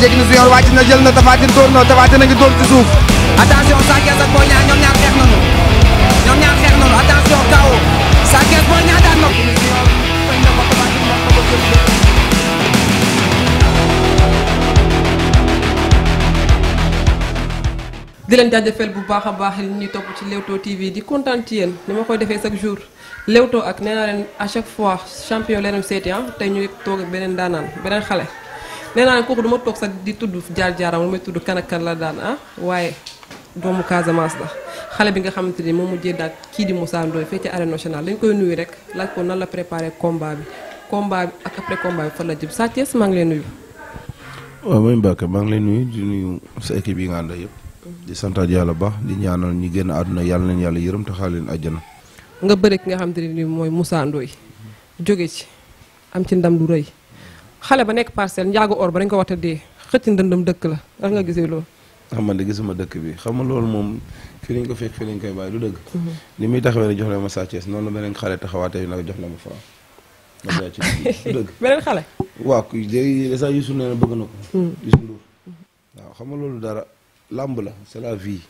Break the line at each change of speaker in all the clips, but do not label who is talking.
na junior na jël na tafaatin dóor na tafaatin a ngi dóor ci suuf attention
Sa bu baax a baax li ñuy topp ci Leewtoo TV di kontaan ci yéen ni ma koy defee chaque jour Leewtoo ak nee naa leen à chaque fois champion leneen seeti ah tey ñu toog ak beneen daanaan beneen xale nee naa ne kooku du toog sa di tudd jaar-jaaram lu may tudd kan ak kan la daan ah waaye doomu Casamance la xale bi nga xamante ni moom mujjee daal kii di Moussa Ndoye fee ci arène nationale koy nuyu rek ko nan la préparé combat bi combat ak après combat bi fan la jëm ngi lay nuyu.
waaw maa ngi lay nuyu di nuyu sa yi nga àndal yëpp. di santaat yàlla baax di ñaanal ñi génn àdduna yàlla leen yàlla yërëm te xaar leen àjjana.
nga bëre ki nga xamante ne nii mooy Moussa Ndoye jóge ci am ci ndam lu rëy xale ba nekk parcelle njaago or ba dañ ko wat a dee xëcc ndëndam dëkk la da nga gisee loolu
ah man de gisuma dëkk bi xam nga loolu moom fi lañ ko fekk fi lañ koy bàyyi lu dëgg mhm. ni muy taxawee ne jox la ma Sa Thiès noonu la beneen xale taxawaatee nag jox na ma franc daa ci dëgg beneen xale waaw léegi sax Youssou na bëgg na ko mhm. Youssou Ndour waaw xam nga loolu dara làmb la c'est la vie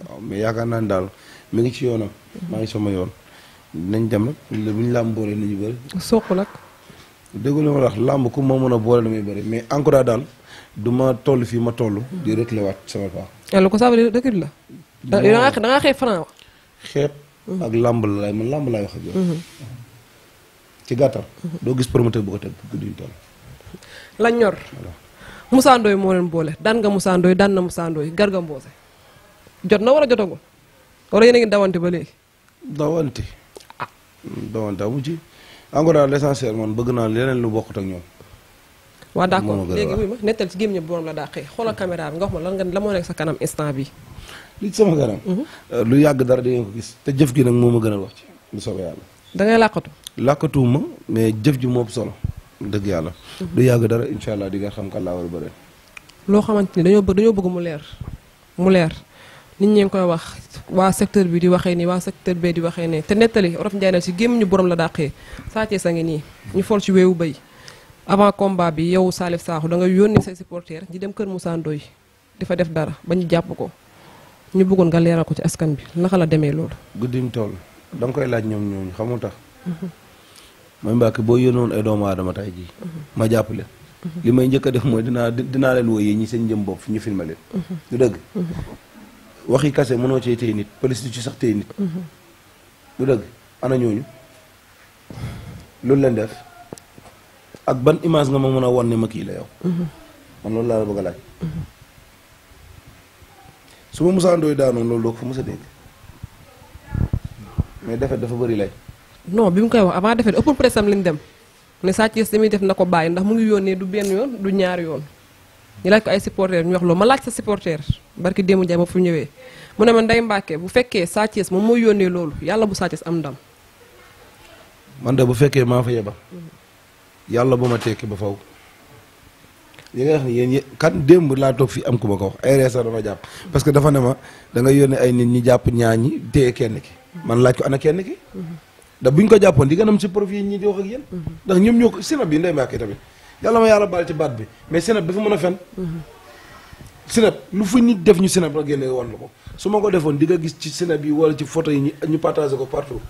waaw mais yaakaar naa ne daal mi ngi ci yoonam mhm. maa ngi sama yoon dinañ dem nag bu ñu làmb boole soq nag dégg li ma wax làmb ku ma mën a boole damay bëri mais encore daal du ma toll fii ma toll. di reculer waat sama paa.
lu ko saa bëri recul la.
da ngaa xeeb franc. xeeb ak làmb laay man làmb laay wax ak mhm. doo gis promoteur bu ko
ñor. Moussa Ndoye moo leen boole daan nga Moussa Ndoye daan na Moussa Ndoye jot na war a jotagul wala yéen a ngi dawante ba léegi.
dawante. Ah. Hmm, dawante amu ci. en tout cas l' man bëgg naa leneen lu bokkut ak ñoom. waaw d' accord léegi wuy ma
nettal ci gémmiñ borom la dàqee xoolal caméra bi nga wax ma la moo nekk sa kanam instant bi
li sama kanam. Mhm. Euh, lu yàgg dara di ko gis te jëf gi nag moo ma a wax ci bu soobee yàlla. da ngay làkkatu. làkkatuwuma mais jëf ji moo solo. dëgg yàlla. Mhm. lu yàgg dara incha allah di nga xam kan laa war a
loo xamante ni dañoo bëgg dañoo bëgg mu leer mu leer. nit ñi ngi koy wax waa secteur bi di waxee nii waa secteur bee di waxee ne te nettali Olof Njaay na ci gémmiñu borom la dàqee Sa Thiès ngi nii ñu fool ci weewu béy avant combat bi yow Salif Sakho da nga yónni say supporters ñi dem kër Moussa Ndoye dafa def dara ba ñu jàpp ko ñu buggoon nga leeral ko ci askan bi naka la demee loolu.
guddiñ tool da nga koy laaj ñoom ñooñu xamul tax. Mhm. mooy Mbacke boo yónnoon ay doomu aadama tay jii. Mhm. ma jàpp leen. Mhm. may njëkk def mooy dinaa dinaa leen wooyee ñi seen jëm bopp ñu filmé waxi kase mënoo cee téye nit police ci sax téye nit. Mhm. du dëgg ana ñooñu loolu leen def ak ban image nga ma mën a won ne ma kii la yow. Mhm. man loolu laa la bëgg a laaj. Mhm. su ma Moussa Ndoye daanoon loolu doo ko fa mos a mais defet dafa bëri lay.
noo bi mu koy wax avant defet ëpp presse am lañ dem ne Sa Thiès li muy def na ko bàyyi ndax mu ngi yónnee du benn yoon du ñaar yoon. ñu laaj ko ay supporter ñu wax loolu ma laaj sa supporter barki démb Ndiaye ma fu ñëwee mu ne ma Ndeye Mbacke bu fekkee Sa moom mooy yónnee loolu yàlla bu Sa Thiès am ndam.
man de bu fekkee maa fa yeba yàlla bu ma tekki ba faw yi nga wax ni yéen kan démb laa toog fii am ku ma ko wax ay reesa dama jàpp parce que dafa ne ma da nga yónnee ay nit ñi jàpp ñaañi téye kenn ki man laaj ko ana kenn ki
mhm.
bu ñu ko jàppoon di nga nam si profit ñi di wax ak yéen mhm. ndax ñoom ñoo ko sina bi Ndeye Mbacke yàlla ma yàlla baal ci baat bi mais Sénégal dafa mën a fen Sénégal lu fu nit def ñu Sénégal rek génne wan la ko su ma ko defoon di nga gis ci Sénégal yi wala ci photo yi ñu partagé ko partout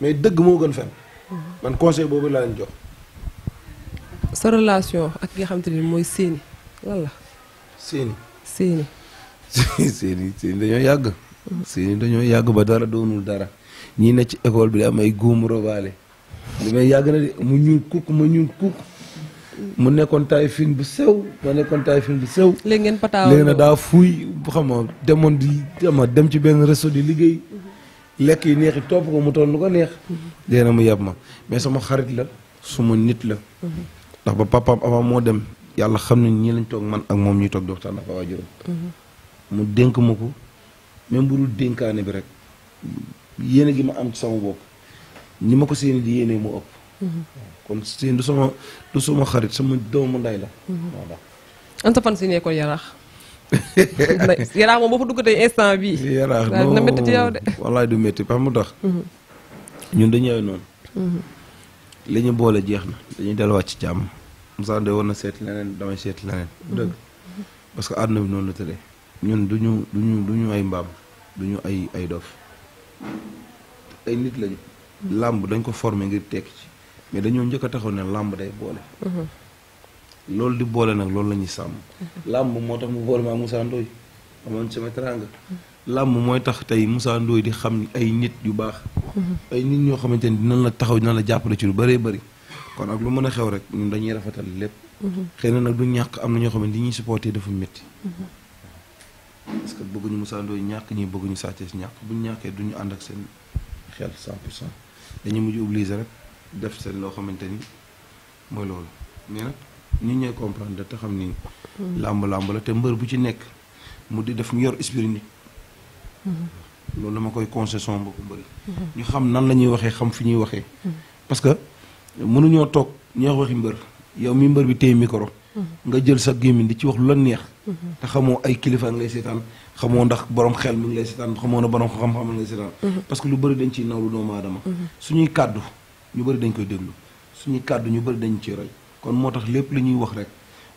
mais dëgg moo gën fen man conseil boobu laa leen jox
sa relation ak nga xam ni mooy Séni lan la Séni Séni
Séni dañoo yàgg Séni dañoo yàgg ba dara doonul dara ñii ne ci école bi di am ay góomu robaale li yàgg na de mu ñuul kukk ma ñuul kukk mu nekkoon taay film bu sew ma nekkoon taay film bu sew.
léegi ngeen pataaw léegi nag
daa fuuy xam nga demoon di ama dem ci benn réseau di liggéey. Mhm. lekk yi neex yi topp ko mu toll lu ko neex. Mhm. léegi nag mu yab ma mais sama xarit la suma nit la. Mhm. ndax ba papaam avant moo dem yàlla xam ne ñi lañ toog man ak moom ñuy toog di waxtaan ak waajuram mu dénk ma ko même bu dul dénkaane bi rek yéene gi ma am ci sama bopp ni ma ko seeni di mu ëpp. kon Sine du sama du sama xarit sama doomu nday la.
Mhm. voilà. anta fan si nekkoon yaraax. yaraax moom boo fa duggatee
instant bii. yaraax non na métti ci de. wallaay du métti ba mu tax. Mhm. ñun dañu mhm. boole jeex na dañuy delluwaat ci jàmm. Moussa Ndeye war leneen damay seet leneen. dëgg parce que àdduna noonu la tëddee. ñun du ñu du ñu du ay mbaam du ñu ay ay dof ay nit lañu. làmb dañ ko former ngir tekk ci. mais dañoo njëkk a taxaw ne làmb day boole. loolu di boole nag loolu la ñuy sàmm. làmb moo tax mu boole ma Moussa Ndoye amoon sama teranga. làmb mooy tax tey Moussa Ndoye di xam ay nit yu baax. ay nit ñoo xamante ni dinañ la taxaw dinañ la jàppale ci lu bëree bëri. kon ak lu mën a xew rek ñun dañuy rafetal lépp. xëy na nag du ñàkk am na ñoo xamante ne li ñuy supporté dafa métti. parce que bëgguñu musaandooy ñàkk ñi bëgguñu Sa Thiès ñàkk buñ ñàkkee duñu ànd ak seen xel 100 pour cent dañuy mujj obligé rek. def seen loo xamante ni mooy loolu mais na ñi ñooy comprendre te xam ni. Mm-hmm. làmb làmb la te mbër bu ci nekk mu di def mu yor esprit nit.
Mm-hmm.
loolu dama koy concession mbokku mbëri. Mm-hmm. ñu xam waxee xam fi ñuy waxee. parce que mënuñoo toog ñuy wax mbër yow mi mbër bi téye micro. nga jël sa gémmiñ di ci wax lu la neex. te xamoo ay kilifa ngay seetaan xamoo ndax borom xel mi ngi lay seetaan xamoo na borom xam-xam mi ngi lay seetaan. parce lu bëri dañ ciy naw lu doomu aadama. suñuy kàddu. ñu bëri dañ koy déglu suñu kàddu ñu bëri dañ ci roy kon moo tax lépp li ñuy wax rek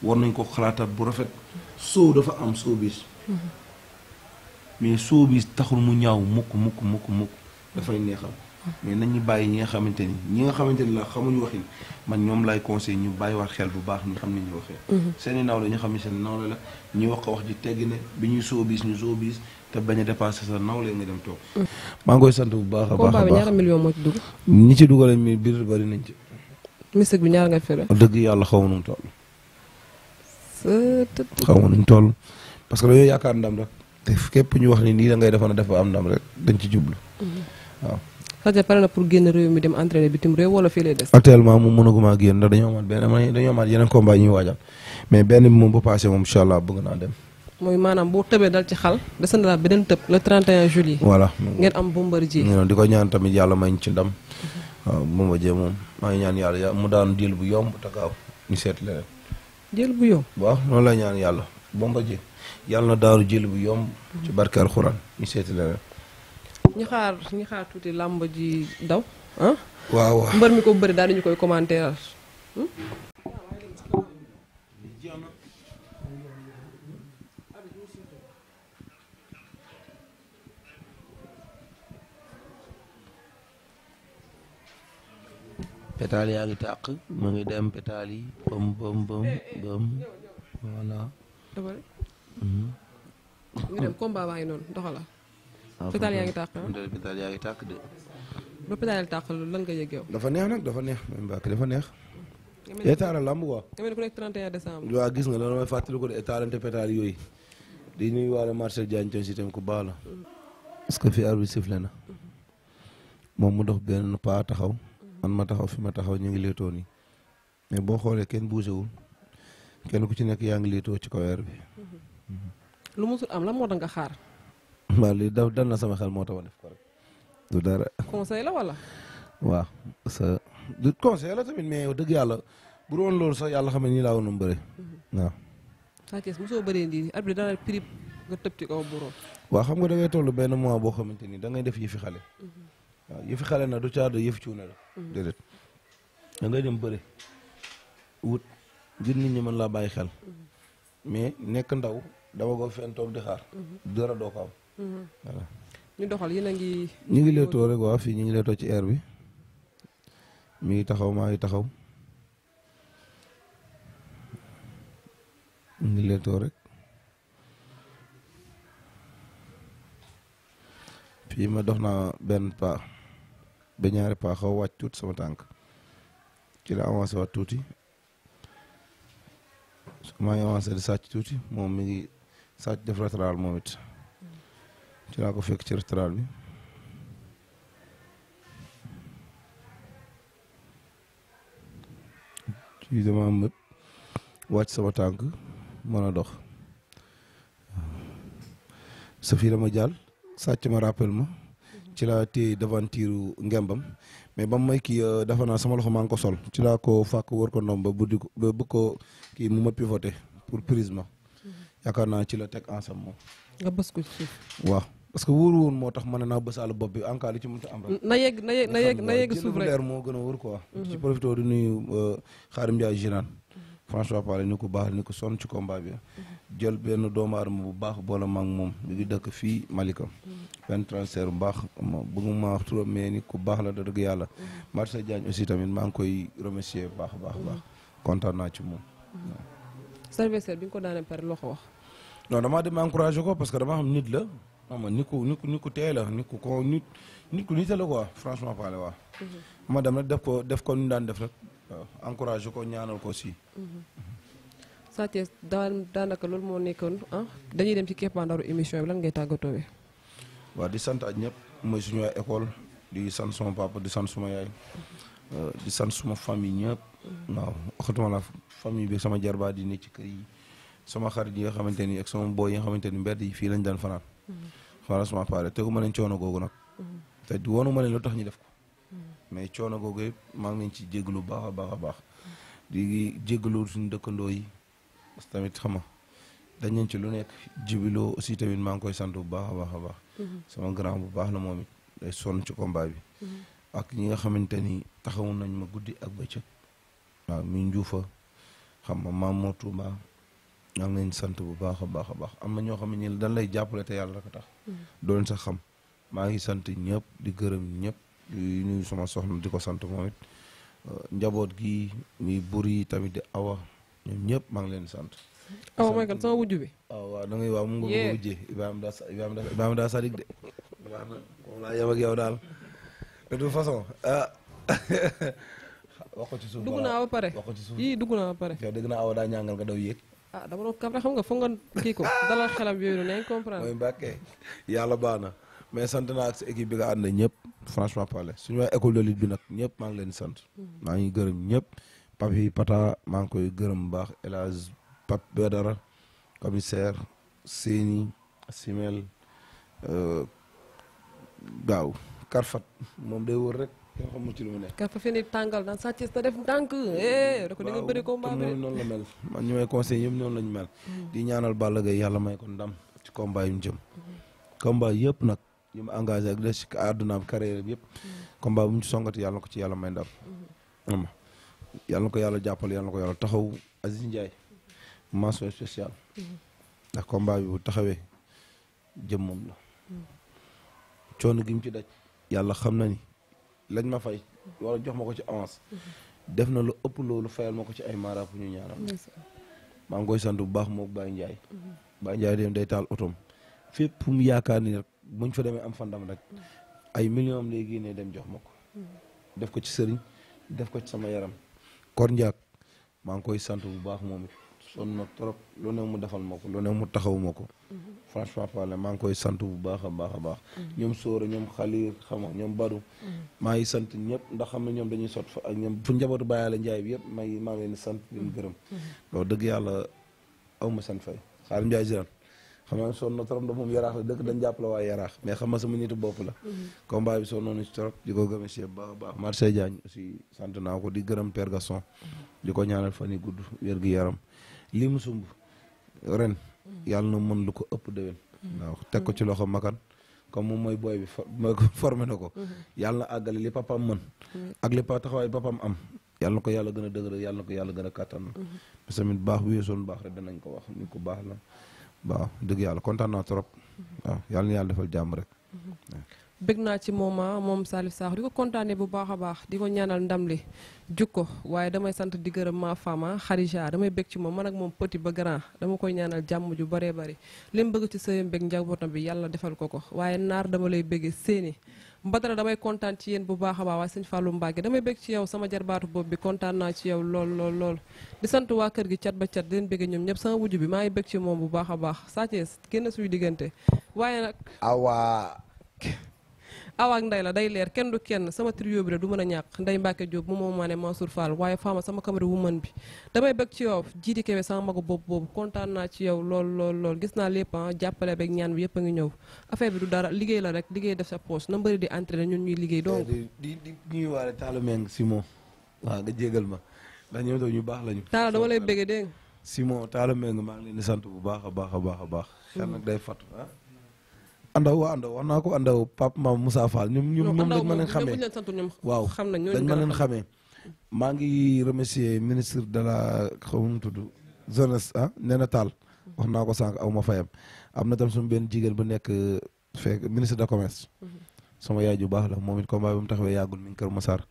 war nañ ko xalaataat bu rafet soow dafa am showbiz mais showbiz taxul mu ñaaw mukk mukk mukk mukk dafay neexal mais nañu bàyyi ñi nga xamante ni ñi nga xamante ni la xamuñu waxin man ñoom laay conseil ñu bàyyi waat xel bu baax ñu xam ni ñu waxee mhm. seeni naaw ñu xam ne seen naaw la la wax ko wax ji tegg ne bi ñuy showbiz ñu showbiz te bañ a dépassé sa nawle nga dem toog. Mm. maa ngi koy sant bu baax a baax combat bi ñaara
million moo ci dugg.
ñi ci dugalee mi biir bari nañ ci.
mystique bi ñaar nga fere.
dëgg yàlla xaw ma nu mu toll. xaw ma nu mu toll parce que dañoo yaakaar ndam rek te képp ñu wax ni nii da ngay defoon dafa am ndam dañ ci jublu. Mm-hmm. waaw.
Sadio pare na pour génn réew mi dem entraîner bitim réew wala fii lay des.
actuellement moom mënaguma génn ndax dañoo amaat benn dañoo amaat yeneen combat ñuy waajal mais benn bi moom ba passé moom incha allah bëgg naa dem.
mooy maanaam boo tëbee dal ci xal desandalaat beneen tëb le 31 juillet. voilà ngeen am Bombardier.
di ko ñaan tamit yàlla may ñu ci ndam. waaw Bombardier moom maa ngi ñaan yàlla mu daan jël bu yomb te gaaw ñu seet leneen. jël bu yomb. waaw noonu la ñaan yàlla Bombardier yàlla na jël bu yomb. ci barke alxuraan ñu seet leneen.
ñu xaar ñu xaar tuuti làmb ji daw ah. waaw mbër mi ko bëri daal dañu ñu koy commentéral.
pétale yaa ngi tàq mu ngi dem pétale yi bëm bëm bëm bëm voilà.
Mhm. ngi ngi noonu doxala.
Ah, yaa ngi tàq ah. pétale yaa ngi tàq de. ba dafa neex nag dafa neex même Mbacke dafa neex. état la lamb quoi. nga mel ku gis nga loolu mooy fàttali ko de étalante pétale yooyu. di nuyu waale marché Diagne Thion si tamit ku baax la. Mm. parce que fi arbitre bi sifle na. Mm-hmm. moom mu dox benn pas taxaw. man ma taxaw fi ma taxaw ñu ngi léetoo nii mais boo xoolee kenn bougéwul kenn ku ci nekk yaa ngi léetoo ci kaw bi.
lu musul am lan moo tax nga xaar.
waaw li da dal na sama xel moo tax ma def ko rek du la wala. waaw sa du conseil la tamit mais dëgg yàlla bu loolu sax yàlla xam ne nii laa woon a bëre mhm. waaw.
Sa Thiès mosoo bëree nii at bi dana prip nga tëb ci kaw buuroon.
waaw xam nga da ngay toll benn mois boo xamante ni da ngay def yi fi xale. Mhm. waaw yëfi xale na du caado yëfi cuune la mm-hmm. déedéet da ngay dem bëri wut ngir nit ñi mën laa bàyyi xel mm-hmm. mais nekk ndaw dama ko fenn toog di xaar mm-hmm. dara doo ko
ñu doxal yi a ngi ñu ngi leetoo
rek waa fii ñu ngi leetoo ci air bi mi ngi taxaw maa taxaw ñu ngi leetoo rek fii ma dox naa benn pas ba ñaari paa xaw wàcc tuuti sama tànk ci la avancé waat tuuti maa ngi avancé di sàcc tuuti moom mi ngi sàcc def latéral moom it ci laa ko fekk ci latéral bi ci wàcc sama tànk mën a dox sa fii dama jàll sàcc ma rappel ma ci laa téye devantiru ngembam mais ba may kii euh, dafa naa sama loxo maa ngi ko sol ci laa ko fàkk wër ko ndomb ba ko kii mu ma pivoté pour prise ma yaakaar na ci la teg ensemble moom. nga bës ko ci waaw parce que wóoru woon moo tax ma ne naa bësaal bopp bi en cas li ci mënut am rek.
na yegg na yegg na yegg suuf rek moo
gën a wóor quoi. Mhm. ci profité du nuyu Xaarim euh, Ndiaye Giraan. François Paal ni ko baax ni ko sonn ci combat bi jël benn doomu aadama bu baax boole ma ak moom mi ngi dëkk fii Malika. benn transfert bu baax ma bëgg ma wax trop mais ni ku baax la da dëgg yàlla. Marcel Diagne aussi tamit maa koy remercier bu baax a baax baax mm-hmm. kontaan naa ci moom.
Mm-hmm.
service bi nga ko daanee par loxo wax.
non damaa dem encouragé ko parce que dama xam nit la xam nga ni ku ni ku ni ku la ni ko nit nit ku nit la quoi franchement parler waaw. Mm-hmm. ma dem ko def ko nu daan def rek. waaw encouragé ko ñaanal ko aussi.
Mm-hmm.
Sa Thiès daan daanaka loolu moo nekkoon ah dañuy dem ci keppaandaru émission bi lan ngay tàggatoo
waaw di sant ak ñëpp mooy suñu waa école di sant suma papa di sant suma yaay euh, di sant suma famille ñëpp. Mm-hmm. waaw waxatuma la famille bi sama jarbaat yi nekk ci kër yi sama xarit yi nga xamante ni ak sama booy yi nga xamante ni mbedd yi fii lañ daan fanaan. Mm-hmm. franchement parler tegu ma leen coono googu nag. te wonu ma leen lu tax ñu def ko. mais coono googu yëpp maa ngi leen ci jégalu baax a baax a baax di jégalu suñu dëkkandoo yi parce tamit xam nga dañ leen ci lu nekk jibiloo aussi tamit maa ngi koy sant bu baax a baax a baax. Mhm. sama grand bu baax la moom it day sonn ci combat bi. Mhm. ak ñi nga xamante ni taxawu nañ ma guddi ak bëccëg. waaw mi njuufa xam nga maam moo ma maa ngi leen sant bu baax a baax a baax am na ñoo xam ne dañ lay jàppale te yàlla rek tax. Mhm. doon sax xam maa ngi sant ñëpp di gërëm ñëpp. di nuyu sama soxna di ko sant moom it euh, njaboot gi muy buri tamit di ñëpp maa ngi leen sant. awa mooy kan sama wujj yow daal de toute ah, ba pare wax nga daw yéeg.
ah dama doon kàpp xam nga foog kii ko dalal xelam yooyu noonu comprendre. mooy Mbacke
yàlla baax na mais sant naa ak sa équipe bi nga ànd ñëpp. franchement parler suñu waa école de lutte bi nag ñëpp maa ngi leen sant. Mhm. maa ngi gërëm ñëpp papi pata maa ngi koy gërëm bu baax El Hadj Pape Badara commissaire Séni Simel euh, gaaw Karfat moom day wër rek. nga xamul ci lu mu nekk.
Karfat fi ni tàngal daan saa ci def ndànk. Eh, waaw ko mhm. ko
ndam ci combat yu mu mhm. nag. yi mu engagé ak des àddunaam carrière bi yëpp mm-hmm. combat bu mu ci songati yàlla na ko ci yàlla may ndam mm-hmm. ama yàlla na ko yàlla jàppale yàlla na ko yàlla taxaw Aziz Ndiaye mm-hmm. mention spéciale ndax combat bi bu taxawee jëm moom la coono gi ci daj yàlla xam na ni lañ ma fay wala jox ma ko ci avance def na lu ëpp loolu fayal ma ko ci ay maaraaf ñu ñaanal maa ngi koy sant bu baax mook Baye Ndiaye Baye Ndiaye dem day taal otom fépp mu yaakaar ni rek buñ fa deme am fa ndam rek ay million am lay génnee dem jox ma ko. def ko ci sëriñ def ko ci sama yaram. Kor Ndiak maa ngi koy sant bu baax moom it sonn na trop lu ne mu defal ma ko ne mu taxaw ma ko. franchement maa ngi koy sant bu baax a baax a baax. ñoom Soore ñoom Xaliir xam nga ñoom Badou. maa ngi sant ñëpp ndax xam ne ñoom dañuy sot fa ak ñoom fu njabootu bàyyaale njaay bi yëpp maa ngi sant di mm-hmm. dëgg yàlla aw ma seen fay xaar Ndiaye Zirane. xam nga sonn na trop da moom yaraax la dëkk dañ jàpp la waa yaraax mais xam nga sama nitu bopp la mhm. combat bi sonnoon na ci trop di ko gëme si baax a baax Marseille sant naa ko di gërëm Père Gaston mhm. ñaanal fan yi gudd wér gi yaram lii mu sumb ren mhm. yàlla na mën lu ko ëpp déwén waaw teg ko ci loxo makan comme moom mooy booy bi formé na ko yàlla na àggale li papam mën ak li pa taxawaay papam am yàlla na ko yàlla gën a dëgëral yàlla na ko yàlla gën a kàttan parce que tamit baax bu weesoon baax rek danañ ko wax ni ko baax waaw dëgg yàlla kontaan naa trop mhm. yàlla na yàlla defal jàmm rek. Mhm.
bëgg naa ci moom ah, moom Salif Sakho di ko kontaanee bu baax a baax di ko ñaanal ndam li jug ko waaye damay sant di gërëm ma fama ah, Xarija damay bëgg ci moom man ak moom petit ba grand dama koy ñaanal jàmm ju baree bari li bëgg ci sëyam bëgg njabootam bi yàlla defal ko ko waaye naar dama lay bëggee seeni Mbadara damay kontaan ci yéen bu baax a baax waaye sëñ Fallou damay bëgg ci yow sama jarbaatu boobu bi kontaan naa ci yow lool lool sant waa kër gi cat ba cat di leen ñoom ñëpp sama wujj bi maa ngi bëgg moom bu baax a baax Sa Thiès génn diggante waaye nag awaak nday la day leer kenn du kenn sama trio bi la du mën a ñàkk nday Mbacke Diop mu moom maa ne Mansour Fall waaye faama sama caméra woman bi damay bëgg ci yow jiidi kebe sama magu bopp boobu kontaan naa ci yow lool lool gis naa lépp ah, jàppale beeg ñaan bi yëpp a ngi ñëw affaire bi du dara liggéey la rek liggéey def sa poche na mbëri di entraîné ñun ñuy liggéey donc di
di ñuy waale Talla Meng Simon waaw nga jégal ma ndax ñoom ñu baax lañu Talla dama lay bëggee dégg Simon Talla Meng maa ngi leen di sant bu baax a baax a baax a baax xel nag day fatu ah andaw waa andaw wax naa ko andaw Pape Mame Moussa Fall ñoom ñoom moom dañ ma leen xamee waaw dañ ma leen maa ngi remercier ministre de la tudd jeunesse ah Néné wax naa ko sànq aw ma am na tam suñu benn jigéen bu nekk fekk ministre de commerce mhm. sama yaay baax la moom it combat bi mu taxawee yàggul mi ngi Kër Massar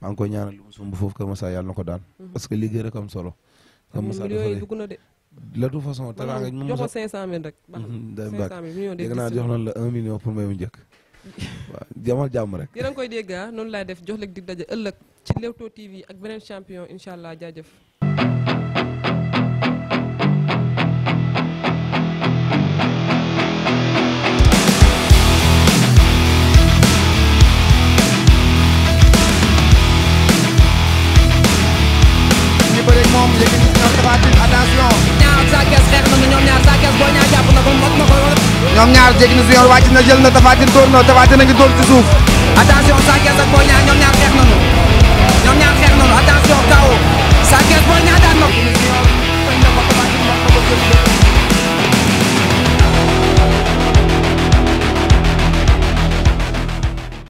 maa ngi koy ñaanal lu mu sumb foofu Kër Massar yàlla na daan mhm. parce que liggéey rek am solo la toute façon. teraanga ñu jox ko
500000 rek. baax mhm, naa jox lan la
1 million pour may mu njëkk. jamal jàmm rek.
yéen a ngi koy dégg ah, noonu laay def jox leen dig daje ëllëg
ci Leewtoo TV ak beneen champion incha allah jaajëf.
Sathies xeex na ñoom ñaar Sathies Boy Niang jàpp na ko mot na ko
ñoom ñaar jéggi na su yoon wàcc na jël na Tapha Tine dóor na Tapha Tine a ngi dóor ci suuf attention Sathies ak Boy Niang ñoom ñaar xeex
nañu ñoom ñaar xeex nañu attention kaw Sathies Boy Niang daan na ko